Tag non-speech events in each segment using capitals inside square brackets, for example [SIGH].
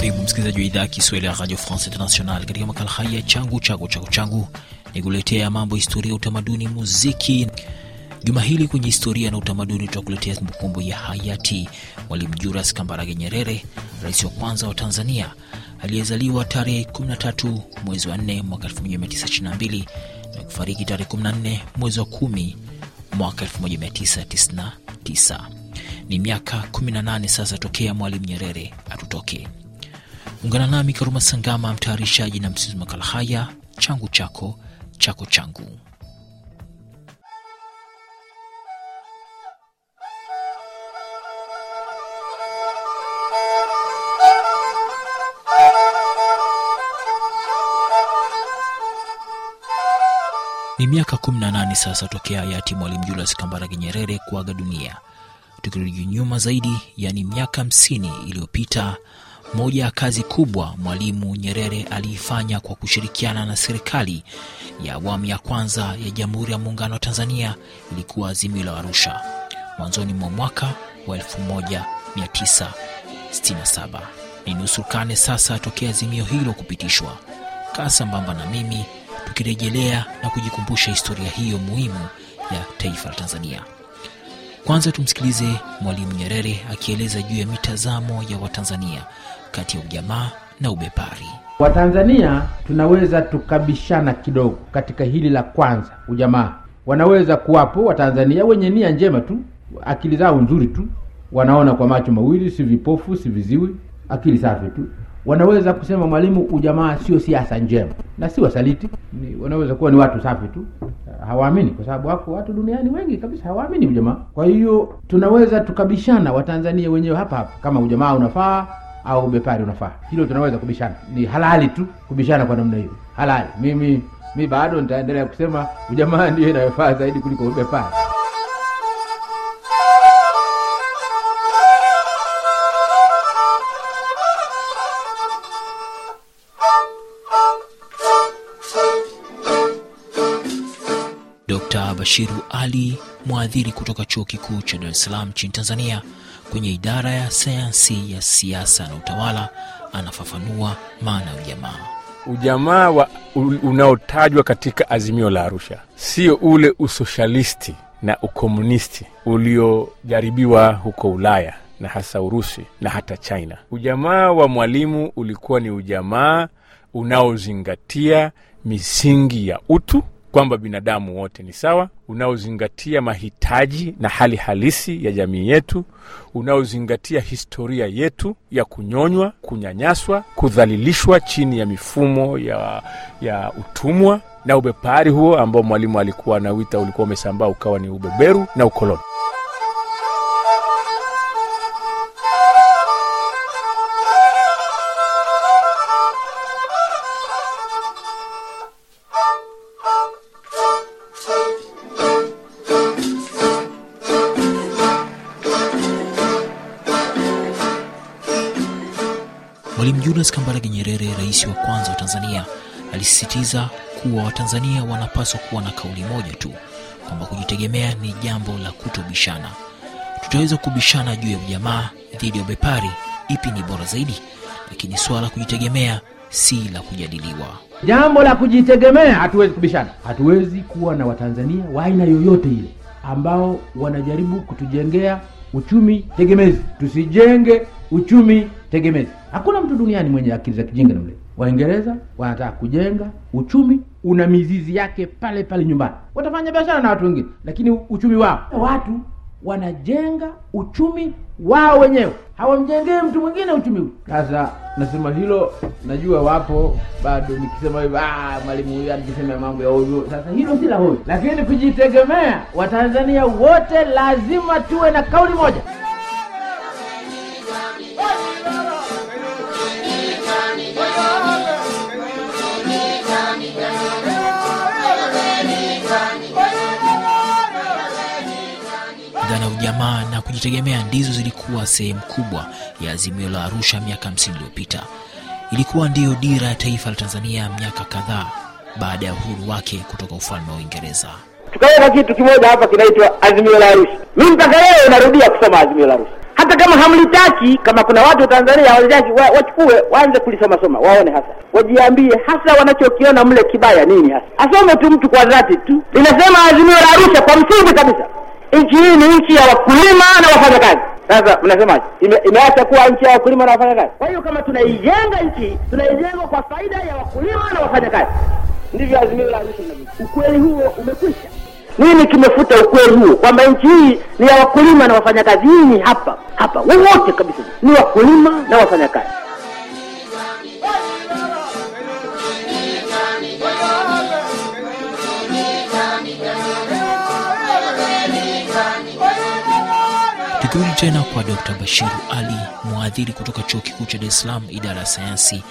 Karibu msikilizaji wa idhaa ya Kiswahili ya Radio France International katika makala haya changu chako chako changu, ni kuletea mambo historia, utamaduni, muziki. Juma hili kwenye historia na utamaduni, tutakuletea kumbukumbu ya hayati Mwalimu juras Kambarage Nyerere, rais wa kwanza wa Tanzania aliyezaliwa tarehe 13 mwezi wa 4 mwaka 1922 na kufariki tarehe 14 mwezi wa 1 mwaka 1999. Ni miaka 18 sasa tokea Mwalimu Nyerere atutokee Ungana nami Karuma Sangama, mtayarishaji na msizi makala haya, changu chako chako changu. Ni miaka 18 sasa tokea hayati Mwalimu Julius Kambarage Nyerere kuaga dunia. Tukirudi nyuma zaidi, yani miaka 50 iliyopita moja ya kazi kubwa Mwalimu Nyerere aliifanya kwa kushirikiana na serikali ya awamu ya kwanza ya Jamhuri ya Muungano wa Tanzania ilikuwa Azimio la Arusha mwanzoni mwa mwaka wa 1967. Ni nusu karne sasa tokea azimio hilo kupitishwa. Kaa sambamba na mimi tukirejelea na kujikumbusha historia hiyo muhimu ya taifa la Tanzania. Kwanza tumsikilize Mwalimu Nyerere akieleza juu ya mitazamo ya Watanzania kati ya ujamaa na ubepari. Watanzania tunaweza tukabishana kidogo katika hili la kwanza, ujamaa. Wanaweza kuwapo Watanzania wenye nia njema tu, akili zao nzuri tu, wanaona kwa macho mawili, si vipofu, si viziwi, akili safi tu wanaweza kusema mwalimu, ujamaa sio siasa njema, na si wasaliti. Wanaweza kuwa ni watu safi tu, hawaamini, kwa sababu wako watu duniani wengi kabisa hawaamini ujamaa. Kwa hiyo tunaweza tukabishana Watanzania wenyewe hapa hapa kama ujamaa unafaa au ubepari unafaa. Hilo tunaweza kubishana, ni halali tu kubishana kwa namna hiyo, halali. Mimi mi bado nitaendelea kusema ujamaa [LAUGHS] ndiyo inayofaa zaidi kuliko ubepari. Dkt. Bashiru Ali, mwadhiri kutoka Chuo Kikuu cha Dar es Salaam nchini Tanzania kwenye idara ya sayansi ya siasa na utawala, anafafanua maana ya ujamaa. Ujamaa wa unaotajwa katika Azimio la Arusha sio ule usoshalisti na ukomunisti uliojaribiwa huko Ulaya na hasa Urusi na hata China. Ujamaa wa Mwalimu ulikuwa ni ujamaa unaozingatia misingi ya utu kwamba binadamu wote ni sawa, unaozingatia mahitaji na hali halisi ya jamii yetu, unaozingatia historia yetu ya kunyonywa, kunyanyaswa, kudhalilishwa chini ya mifumo ya, ya utumwa na ubepari huo ambao mwalimu alikuwa anawita, ulikuwa umesambaa ukawa ni ubeberu na ukoloni. Julius Kambarage Nyerere, rais wa kwanza wa Tanzania, alisisitiza kuwa Watanzania wanapaswa kuwa na kauli moja tu kwamba kujitegemea ni jambo la kutobishana. Tutaweza kubishana juu ya ujamaa, dhidi ya ubepari, ipi ni bora zaidi, lakini swala la kujitegemea si la kujadiliwa. Jambo la kujitegemea hatuwezi kubishana. Hatuwezi kuwa na Watanzania wa aina yoyote ile ambao wanajaribu kutujengea uchumi tegemezi. Tusijenge uchumi tegemezi. Hakuna mtu duniani mwenye akili za kijinga namle. Waingereza wanataka kujenga uchumi una mizizi yake pale pale nyumbani, watafanya biashara na watu wengine, lakini uchumi wao, watu wanajenga uchumi wao wenyewe, hawamjengee mtu mwingine uchumi. Sasa nasema hilo, najua wapo bado nikisema ah, mwalimu huyu anikisema mambo ya ovyo. Sasa hilo si la ovyo, lakini kujitegemea, Watanzania wote lazima tuwe na kauli moja. ujamaa na kujitegemea ndizo zilikuwa sehemu kubwa ya Azimio la Arusha miaka 50 iliyopita. Ilikuwa ndiyo dira ya taifa la Tanzania miaka kadhaa baada ya uhuru wake kutoka ufalme wa Uingereza. Tukaweka kitu kimoja hapa kinaitwa Azimio la Arusha. Mimi mpaka leo narudia kusoma Azimio la Arusha, hata kama hamlitaki. Kama kuna watu wa Tanzania walitaki wachukue waanze kulisoma soma, waone hasa, wajiambie hasa wanachokiona mle kibaya nini hasa. Asome tu mtu kwa dhati tu. Linasema Azimio la Arusha kwa msingi kabisa nchi hii ni nchi ya wakulima na wafanyakazi. Sasa mnasemaje? Imeacha kuwa nchi ya wakulima na wafanyakazi? Kwa hiyo kama tunaijenga nchi, tunaijenga kwa faida ya wakulima na wafanyakazi. Ndivyo azimio la nchi Ukweli huo umekwisha. Nini kimefuta ukweli huo kwamba nchi hii ni ya wakulima na wafanyakazi? Hii ni hapa hapa, wote kabisa ni wakulima na wafanyakazi. Shukrani tena kwa Dr. Bashiru Ali, mwadhiri kutoka Chuo Kikuu cha Dar es Salaam, idara ya sayansi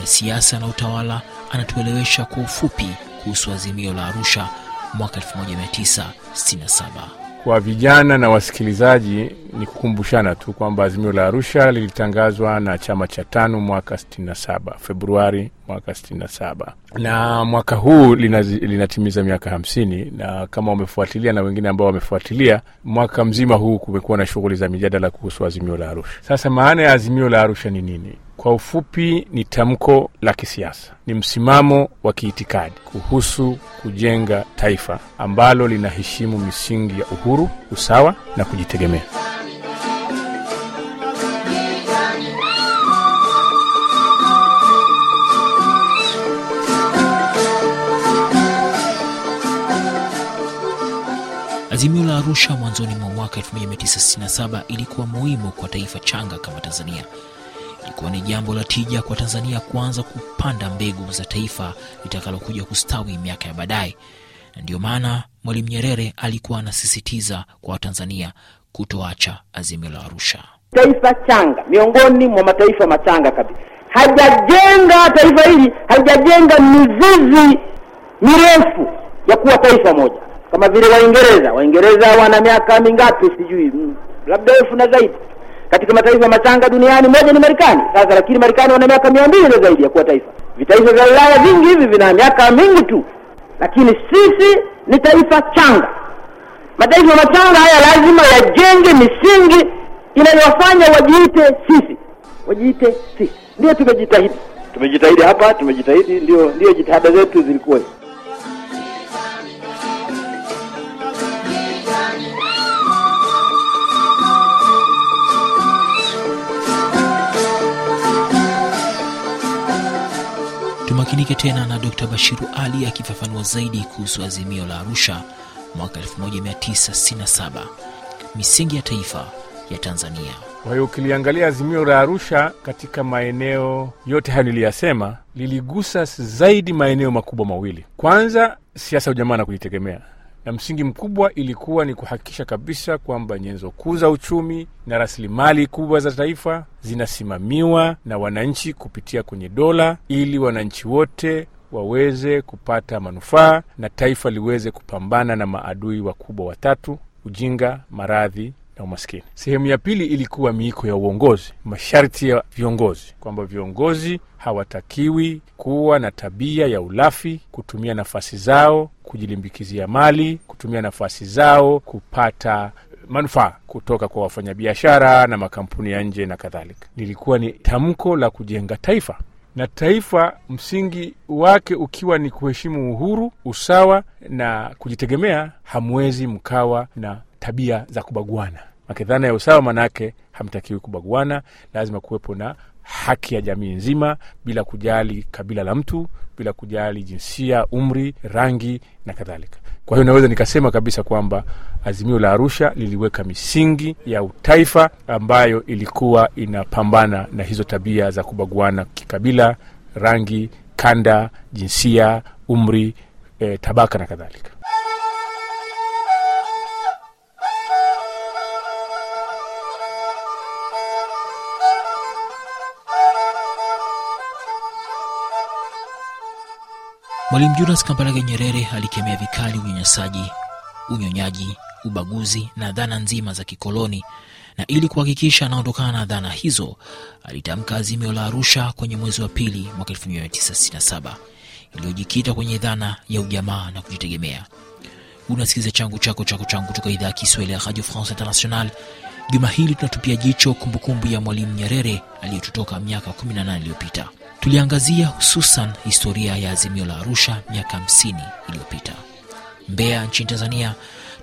ya siasa na utawala, anatuelewesha kwa ufupi kuhusu azimio la Arusha mwaka 1967. Kwa vijana na wasikilizaji ni kukumbushana tu kwamba Azimio la Arusha lilitangazwa na chama cha tano mwaka 67 Februari mwaka 67, na mwaka huu linatimiza linatimiza miaka 50. Na kama wamefuatilia na wengine ambao wamefuatilia, mwaka mzima huu kumekuwa na shughuli za mijadala kuhusu Azimio la Arusha. Sasa maana ya Azimio la Arusha ni nini? Kwa ufupi, ni tamko la kisiasa, ni msimamo wa kiitikadi kuhusu kujenga taifa ambalo linaheshimu misingi ya uhuru, usawa na kujitegemea. Azimio la Arusha mwanzoni mwa mwaka 1967 ilikuwa muhimu kwa taifa changa kama Tanzania Ilikuwa ni jambo la tija kwa Tanzania kuanza kupanda mbegu za taifa litakalokuja kustawi miaka ya baadaye, na ndiyo maana Mwalimu Nyerere alikuwa anasisitiza kwa Watanzania kutoacha azimio la Arusha. Taifa changa, miongoni mwa mataifa machanga kabisa, hajajenga taifa hili, hajajenga mizizi mirefu ya kuwa taifa moja kama vile Waingereza. Waingereza wana miaka mingapi? Sijui, mm, labda elfu na zaidi katika mataifa machanga duniani, moja ni Marekani. Sasa lakini Marekani wana miaka mia mbili na zaidi ya kuwa taifa. Vitaifa vya Ulaya vingi hivi vina miaka mingi tu, lakini sisi ni taifa changa. Mataifa machanga haya lazima yajenge misingi inayowafanya wajiite sisi, wajiite sisi. Ndio tumejitahidi, tumejitahidi hapa, tumejitahidi. Ndio, ndio jitihada zetu zilikuwa tena na Dr. Bashiru Ali akifafanua zaidi kuhusu azimio la Arusha mwaka 1967, misingi ya taifa ya Tanzania. Kwa hiyo ukiliangalia azimio la Arusha katika maeneo yote hayo niliyasema, liligusa zaidi maeneo makubwa mawili. Kwanza, siasa, ujamaa na kujitegemea na msingi mkubwa ilikuwa ni kuhakikisha kabisa kwamba nyenzo kuu za uchumi na rasilimali kubwa za taifa zinasimamiwa na wananchi kupitia kwenye dola, ili wananchi wote waweze kupata manufaa na taifa liweze kupambana na maadui wakubwa watatu: ujinga, maradhi na umaskini. Sehemu ya pili ilikuwa miiko ya uongozi, masharti ya viongozi, kwamba viongozi hawatakiwi kuwa na tabia ya ulafi, kutumia nafasi zao kujilimbikizia mali, kutumia nafasi zao kupata manufaa kutoka kwa wafanyabiashara na makampuni ya nje na kadhalika. Lilikuwa ni tamko la kujenga taifa na taifa msingi wake ukiwa ni kuheshimu uhuru, usawa na kujitegemea, hamwezi mkawa na tabia za kubaguana. Dhana ya usawa manaake hamtakiwi kubaguana, lazima kuwepo na haki ya jamii nzima bila kujali kabila la mtu, bila kujali jinsia, umri, rangi na kadhalika. Kwa hiyo naweza nikasema kabisa kwamba azimio la Arusha liliweka misingi ya utaifa ambayo ilikuwa inapambana na hizo tabia za kubaguana kikabila, rangi, kanda, jinsia, umri, e, tabaka na kadhalika. Mwalimu Julius Kambarage Nyerere alikemea vikali unyanyasaji, unyonyaji, ubaguzi na dhana nzima za kikoloni, na ili kuhakikisha anaondokana na dhana hizo alitamka azimio la Arusha kwenye mwezi wa pili mwaka 1967 iliyojikita kwenye dhana ya ujamaa na kujitegemea. Unasikiliza changu chako chako changu kutoka idhaa ya Kiswahili ya Radio France International. Juma hili tunatupia jicho kumbukumbu ya Mwalimu Nyerere aliyetutoka miaka 18 iliyopita. Tuliangazia hususan historia ya Azimio la Arusha miaka 50 iliyopita. Mbeya nchini Tanzania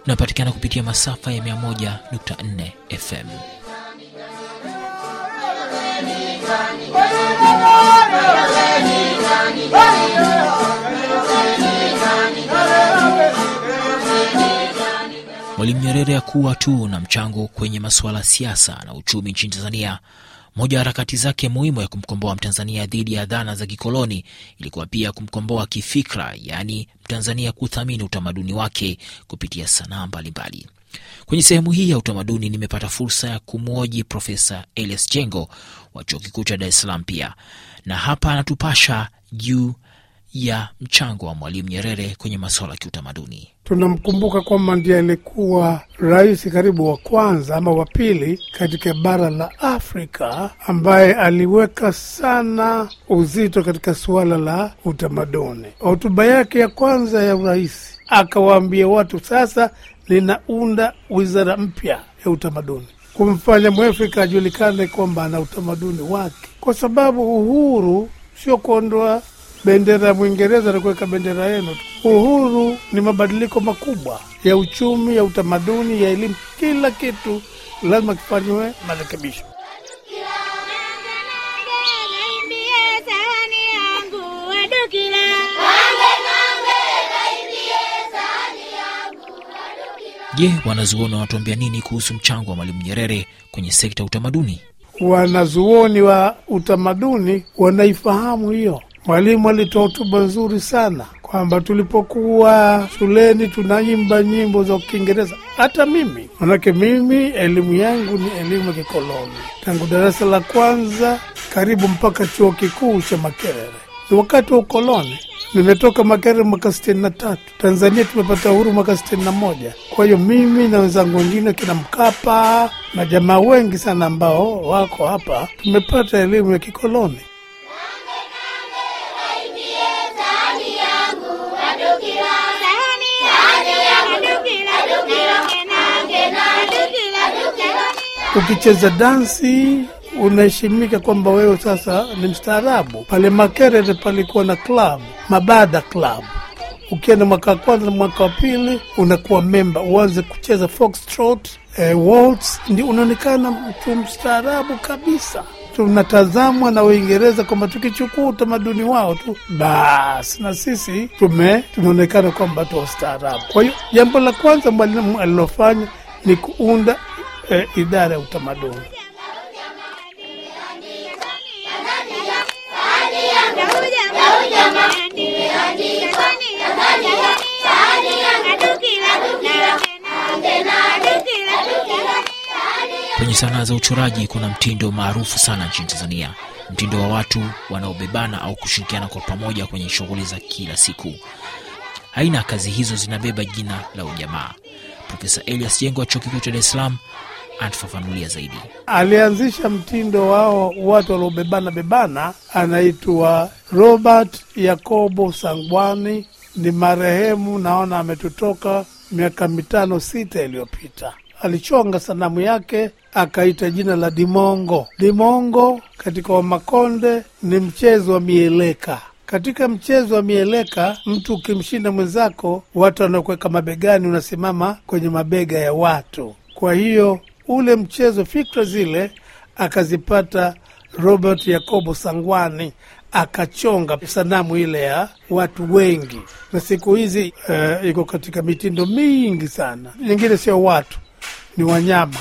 tunapatikana kupitia masafa ya 14 FM. Mwalimu Nyerere akuwa tu na mchango kwenye masuala ya siasa na uchumi nchini Tanzania, moja ya harakati zake muhimu ya kumkomboa Mtanzania dhidi ya dhana za kikoloni ilikuwa pia kumkomboa kifikra, yaani Mtanzania kuthamini utamaduni wake kupitia sanaa mbalimbali. Kwenye sehemu hii ya utamaduni nimepata fursa ya kumwoji Profesa Elias Jengo wa Chuo Kikuu cha Dar es Salaam pia, na hapa anatupasha juu ya mchango wa Mwalimu Nyerere kwenye masuala ya kiutamaduni. Tunamkumbuka kwamba ndiye alikuwa rais karibu wa kwanza ama wa pili katika bara la Afrika ambaye aliweka sana uzito katika suala la utamaduni. Hotuba yake ya kwanza ya urais akawaambia watu, sasa linaunda wizara mpya ya utamaduni kumfanya mwafrika ajulikane kwamba ana utamaduni wake, kwa sababu uhuru sio kuondoa bendera ya Mwingereza na bendera yenu tu. Uhuru ni mabadiliko makubwa ya uchumi, ya utamaduni, ya elimu, kila kitu lazima kifanyiwe marekebisho. Je, wanazuoni wanatuambia nini kuhusu mchango wa Mwalimu Nyerere kwenye sekta ya utamaduni? Wanazuoni wa utamaduni wanaifahamu hiyo Mwalimu alitoa hotuba nzuri sana kwamba tulipokuwa shuleni tunaimba nyimbo za Kiingereza. Hata mimi manake, mimi elimu yangu ni elimu ya kikoloni tangu darasa la kwanza karibu mpaka chuo kikuu cha Makerere, ni wakati wa ukoloni. Nimetoka Makerere mwaka sitini na tatu. Tanzania tumepata uhuru mwaka sitini na moja. Kwa hiyo mimi na wenzangu wengine kina Mkapa na jamaa wengi sana ambao wako hapa tumepata elimu ya kikoloni. ukicheza dansi unaheshimika kwamba wewe sasa ni mstaarabu. Pale Makerere palikuwa na klabu, Mabada klabu Ukienda mwaka wa kwanza na mwaka wa pili unakuwa memba, uanze kucheza foxtrot, eh, waltz, ndio unaonekana mtu mstaarabu kabisa. Tunatazamwa na Uingereza kwamba tukichukua utamaduni wao tu basi na sisi tume tunaonekana kwamba tu wastaarabu. Kwa hiyo jambo la kwanza mwalimu alilofanya ni kuunda eh, idara ya utamaduni. Kwenye sanaa za uchoraji kuna mtindo maarufu sana nchini Tanzania, mtindo wa watu wanaobebana au kushirikiana kwa pamoja kwenye shughuli za kila siku. Aina ya kazi hizo zinabeba jina la ujamaa. Profesa Elias Jengo wa Chuo Kikuu cha Dar es Salaam atufafanulia zaidi. Alianzisha mtindo wao watu waliobebana bebana, anaitwa Robert Yakobo Sangwani, ni marehemu, naona ametutoka miaka mitano sita iliyopita. Alichonga sanamu yake akaita jina la Dimongo. Dimongo katika Wamakonde ni mchezo wa mieleka. Katika mchezo wa mieleka, mtu ukimshinda mwenzako, watu wanakuweka mabegani, unasimama kwenye mabega ya watu. Kwa hiyo ule mchezo, fikra zile akazipata Robert Yakobo Sangwani akachonga sanamu ile ya watu wengi, na siku hizi uh, iko katika mitindo mingi sana. Nyingine sio watu, ni wanyama.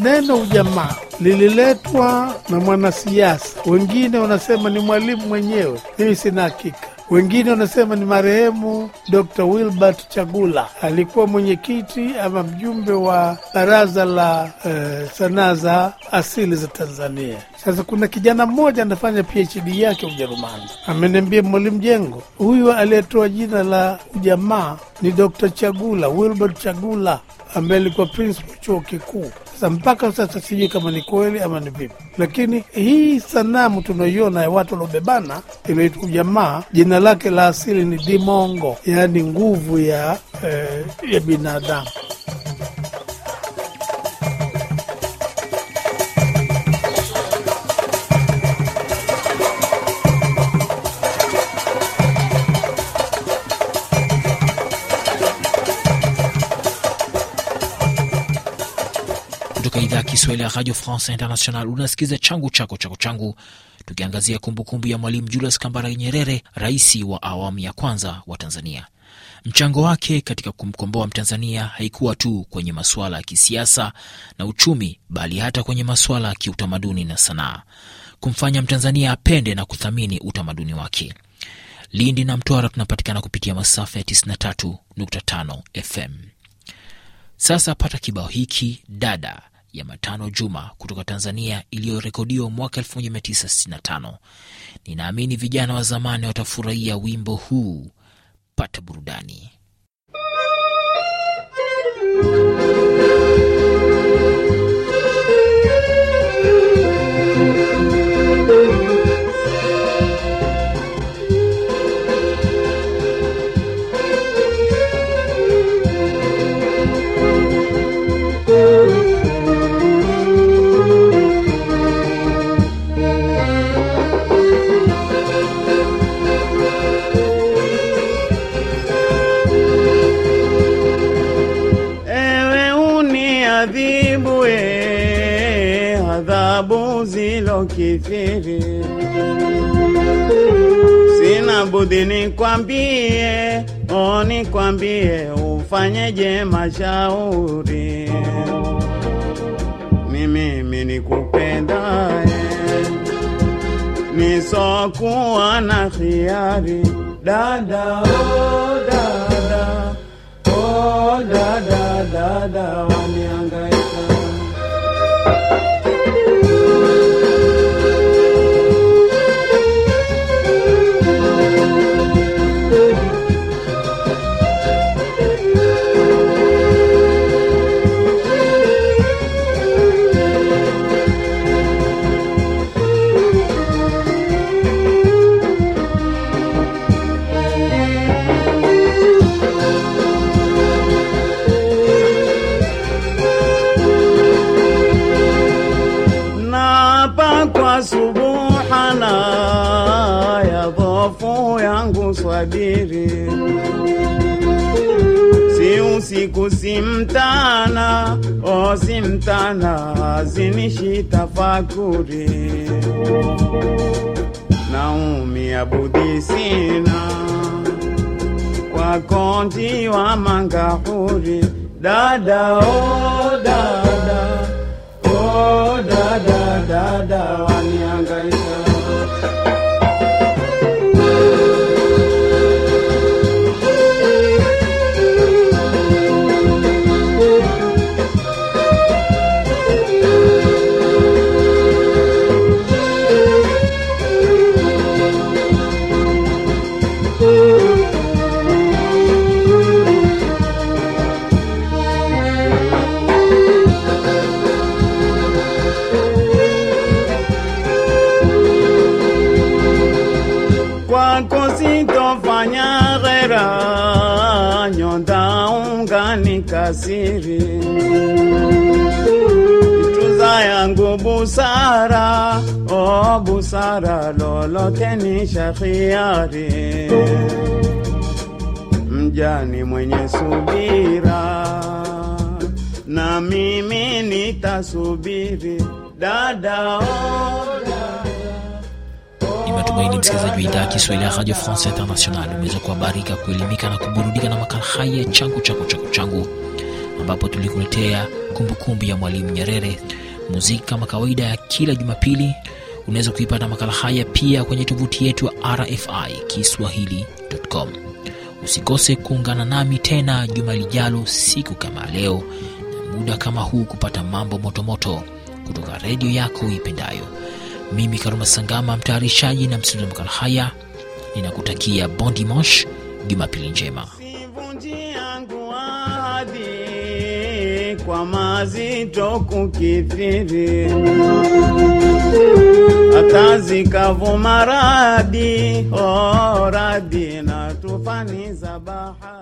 Neno ujamaa lililetwa na mwanasiasa, wengine wanasema ni mwalimu mwenyewe, mimi sina hakika wengine wanasema ni marehemu Dr Wilbert Chagula, alikuwa mwenyekiti ama mjumbe wa baraza la eh, sanaa za asili za Tanzania. Sasa kuna kijana mmoja anafanya PhD yake Ujerumani, ameniambia Mwalimu Jengo, huyu aliyetoa jina la ujamaa ni Dr Chagula, Wilbert Chagula ambaye alikuwa principal chuo kikuu. Sasa mpaka sasa sijui kama ni kweli ama ni vipi, lakini hii sanamu tunaiona ya watu waliobebana inaitwa ujamaa jina lake la asili ni Dimongo, yaani nguvu ya, eh, ya binadamu. Kiswahili ya Radio France International unasikiza changu chako chako changu, tukiangazia kumbukumbu ya Mwalimu Julius Kambarage Nyerere, rais wa awamu ya kwanza wa Tanzania. Mchango wake katika kumkomboa Mtanzania haikuwa tu kwenye masuala ya kisiasa na uchumi, bali hata kwenye masuala ya kiutamaduni na sanaa, kumfanya Mtanzania apende na kuthamini utamaduni wake. Lindi na Mtwara tunapatikana kupitia masafa ya 93.5 FM. Sasa pata kibao hiki dada ya Matano Juma kutoka Tanzania iliyorekodiwa mwaka 1965. Ninaamini vijana wa zamani watafurahia wimbo huu. Pata burudani. kithiri, sina budi nikwambie, o oh, nikwambie, ufanyeje mashauri ni mimi nikupendaye, nisokuwa na khiari dada, oh dada, oh dada, dada waniangalia kutabiri, si usiku si mtana, o si mtana, zinishi tafakuri, naumia budhi sina kwa konti wa mangahuri, dada o oh, dada o oh, nikasiri, tuza yangu busara, oh busara, lolote ni shahiari, mjani mwenye subira, na mimi nitasubiri dada, oh, dada matumaini msikilizaji wa idhaa ya Kiswahili ya Radio France International umeweza kuhabarika, kuelimika na kuburudika na makala haya changu chako chako changu, ambapo tulikuletea kumbukumbu ya Mwalimu Nyerere. Muziki kama kawaida ya kila Jumapili, unaweza kuipata makala haya pia kwenye tovuti yetu ya RFI Kiswahili.com. Usikose kuungana nami tena juma lijalo, siku kama leo na muda kama huu, kupata mambo motomoto moto kutoka redio yako ipendayo. Mimi Karuma Sangama, mtayarishaji na msimulizi wa makala haya, ninakutakia bon dimanche, Jumapili njema. Sivunji yangu ahadi kwa mazito kukithiri, hata zikavuma radi, oh, radi na tufani za bahari.